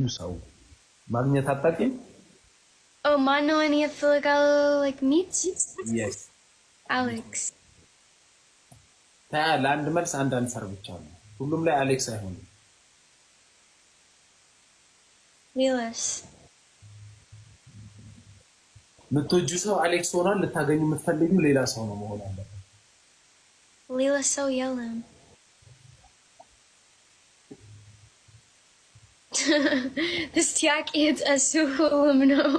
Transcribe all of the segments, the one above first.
you ሰው ማግኘት አታውቂም? Oh, እኔ ፍለጋው uh, like meet yes Alex መልስ አንድ አንሰር ብቻ ነው። ሁሉም ላይ አሌክስ አይሆንም። ሌላስ ምትወጁ ሰው አሌክስ ሆኗል። ልታገኙ የምትፈልጊው ሌላ ሰው ነው መሆን አለበት። ሌላ ሰው የለም። ጥያቄ የጠሱም ነው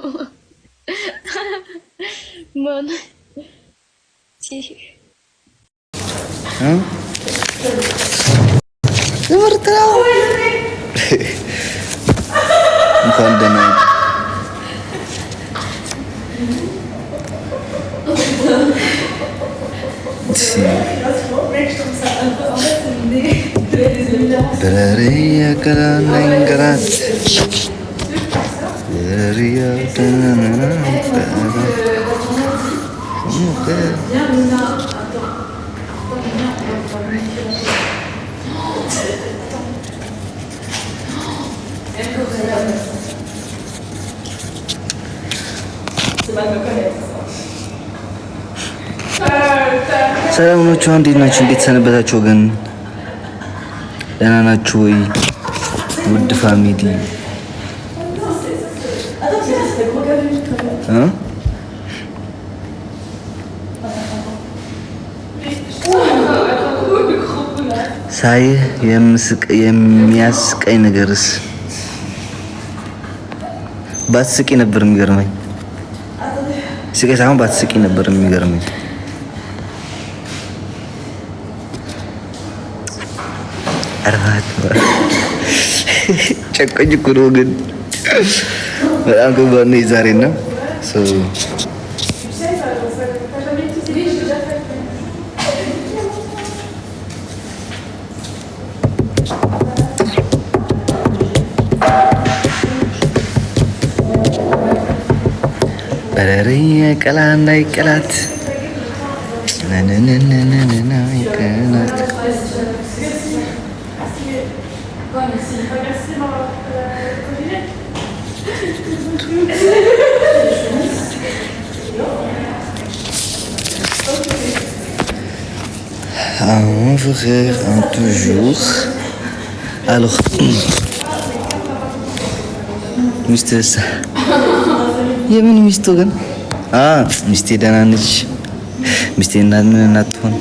ትምህርት ነው። እንኳን ደህና ነው። ሰላም ናችሁ? እንዴት ናችሁ? እንዴት ሰነበታችሁ ወገን? ደህና ናችሁ ወይ ውድ ፋሚሊ? ሳይህ የሚያስቀኝ ነገርስ ባትስቂ ነበር የሚገርመኝ። ስቄ ሳይሆን ባትስቂ ነበር የሚገርመኝ። ጨቆኝ እኮ ነው ግን በጣም ከባድ ነው የዛሬ እና በረሬ ቀላ እንዳይቀላት ቀላት à un jour un toujours. Alors, ሚስት እሳ የምን ሚስቱ ግን? አዎ ሚስቴ ደህና ነች። ሚስቴ ምን እናትሆን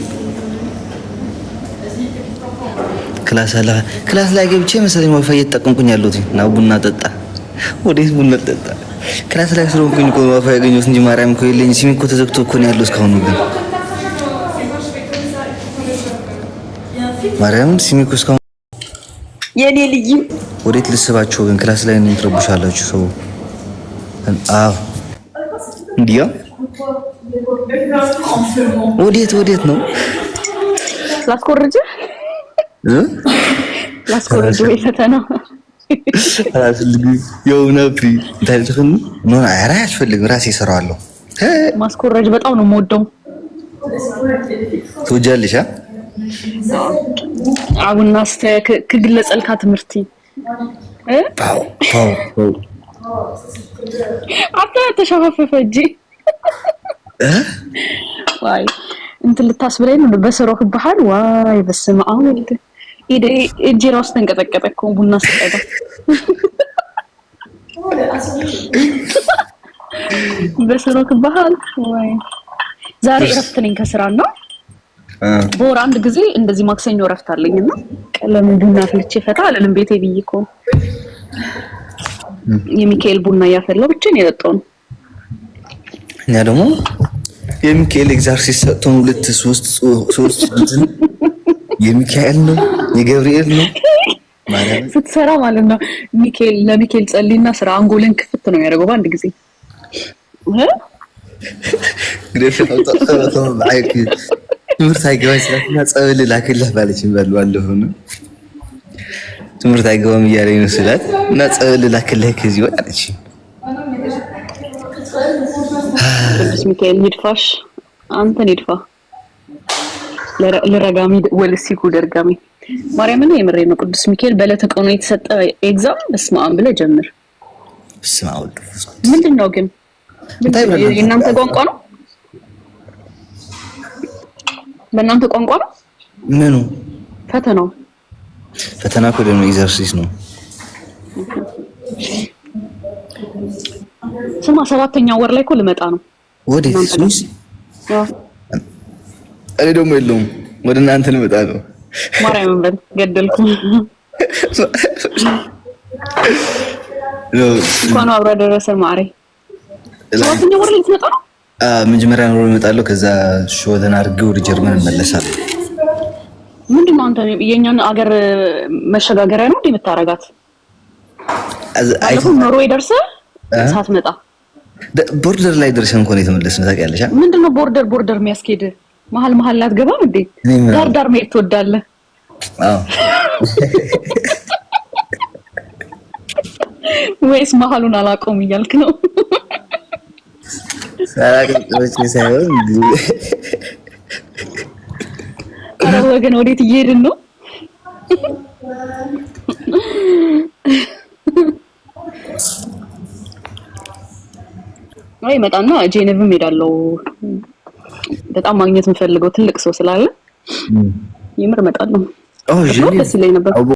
ክላስ አለ። ክላስ ላይ ገብቼ መሰለኝ ዋይፋይ እየተጠቀምኩኝ ያለሁት እና ቡና ጠጣ። ወዴት ቡና ጠጣ? ክላስ ላይ ስለሆንኩኝ እኮ ዋይፋይ ያገኘሁት እንጂ ማርያም እኮ የለኝ። ሲም ተዘግቶ እኮ ነው ያለው እስካሁን ግን ማርያም ሲሚኩ እስካሁን የእኔ ልዩ ወዴት ልስባቸው ግን ክላስ ላይ ነው ትረቡሻላችሁ። ሰው አዎ፣ እንዲያ ወዴት ወዴት ነው ላስኮርጅ ላስኮርጅ ወይ ፈተና የውነፊ ታሪክን ኖን አራ አያስፈልግም፣ ራሴ እሰራዋለሁ። ማስኮረጅ በጣም ነው የምወደው። ትወጃለሽ? አቡና ስተ ክግለጸልካ ትምህርቲ አታ ተሸፋፈፈ እጂ ዋይ እንትን ልታስብለኝ ነው በሰሮ ክበሃል ዋይ በስመ አብ ወልድ እጄ ራሱ ተንቀጠቀጠ እኮ ቡና ስጠጣ በሰሮ ክበሃል ዛሬ እረፍት ነኝ ከስራ ነው በወር አንድ ጊዜ እንደዚህ ማክሰኞ እረፍት አለኝ እና ቀለም ቡና ፍልቼ ፈታ አለልም ቤቴ ብዬ እኮ የሚካኤል ቡና እያፈላሁ ብቻ ነው የጠጣው ነው። እኛ ደግሞ የሚካኤል ኤግዛርሲስ ሰጥቶን ሁለት ሶስት ሶስት የሚካኤል ነው የገብርኤል ነው ስትሰራ ማለት ነው። ሚካኤል ለሚካኤል ጸልይና ስራ አንጎልን ክፍት ነው የሚያደርገው በአንድ ጊዜ ትምህርት አይገባኝ ስላትና ጸበል ላክልህ ባለችን በል አለሁ ነው ትምህርት አይገባም እያለኝ ነው ስላት እና ጸበል ላክልህ ከዚህ ወዲያ አለች። ሚካኤል ሂድፋሽ አንተን ሂድፋ ልረጋሚ ወልሲኩ ደርጋሚ ማርያም ነው የምሬ ነው። ቅዱስ ሚካኤል በዕለተ ቀኑ የተሰጠ ኤግዛም በስመ አብ ብለህ ጀምር። ምንድን ነው ግን የእናንተ ቋንቋ ነው በእናንተ ቋንቋ ነው ምኑ? ፈተናው ፈተና እኮ ደግሞ ኤግዘርሲስ ነው። ስማ ሰባተኛ ወር ላይ እኮ ልመጣ ነው። ወዴት? ስሙስ? እኔ ደግሞ የለውም ወደ እናንተ ልመጣ ነው። ማርያምን በል ገደልኩ። እንኳን አብረህ ደረሰን ማሬ። ሰባተኛ ወር ላይ ልትመጣ ነው መጀመሪያ ኖሮ እመጣለሁ። ከዛ ሾተን አድርጌ ወደ ጀርመን እመለሳለሁ። ምንድን ነው አንተ የእኛን አገር መሸጋገሪያ ነው እንዴ የምታረጋት? ኖርዌይ ደርሰህ ሳትመጣ ቦርደር ላይ ደርሰን እኮ ነው የተመለስን። ታውቂያለሽ። ምንድን ነው ቦርደር ቦርደር የሚያስኬድ መሀል መሀል ላትገባም እንዴ? ዳር ዳር መሄድ ትወዳለህ? ወይስ መሀሉን አላውቀውም እያልክ ነው? ተራቀቆች ሳይሆን ኧረ ወገን ወዴት እየሄድን ነው? ወይ መጣና ጄኔቭም ሄዳለው። በጣም ማግኘት የምፈልገው ትልቅ ሰው ስላለ የምር መጣለሁ። ደስ ይለኝ ነበር።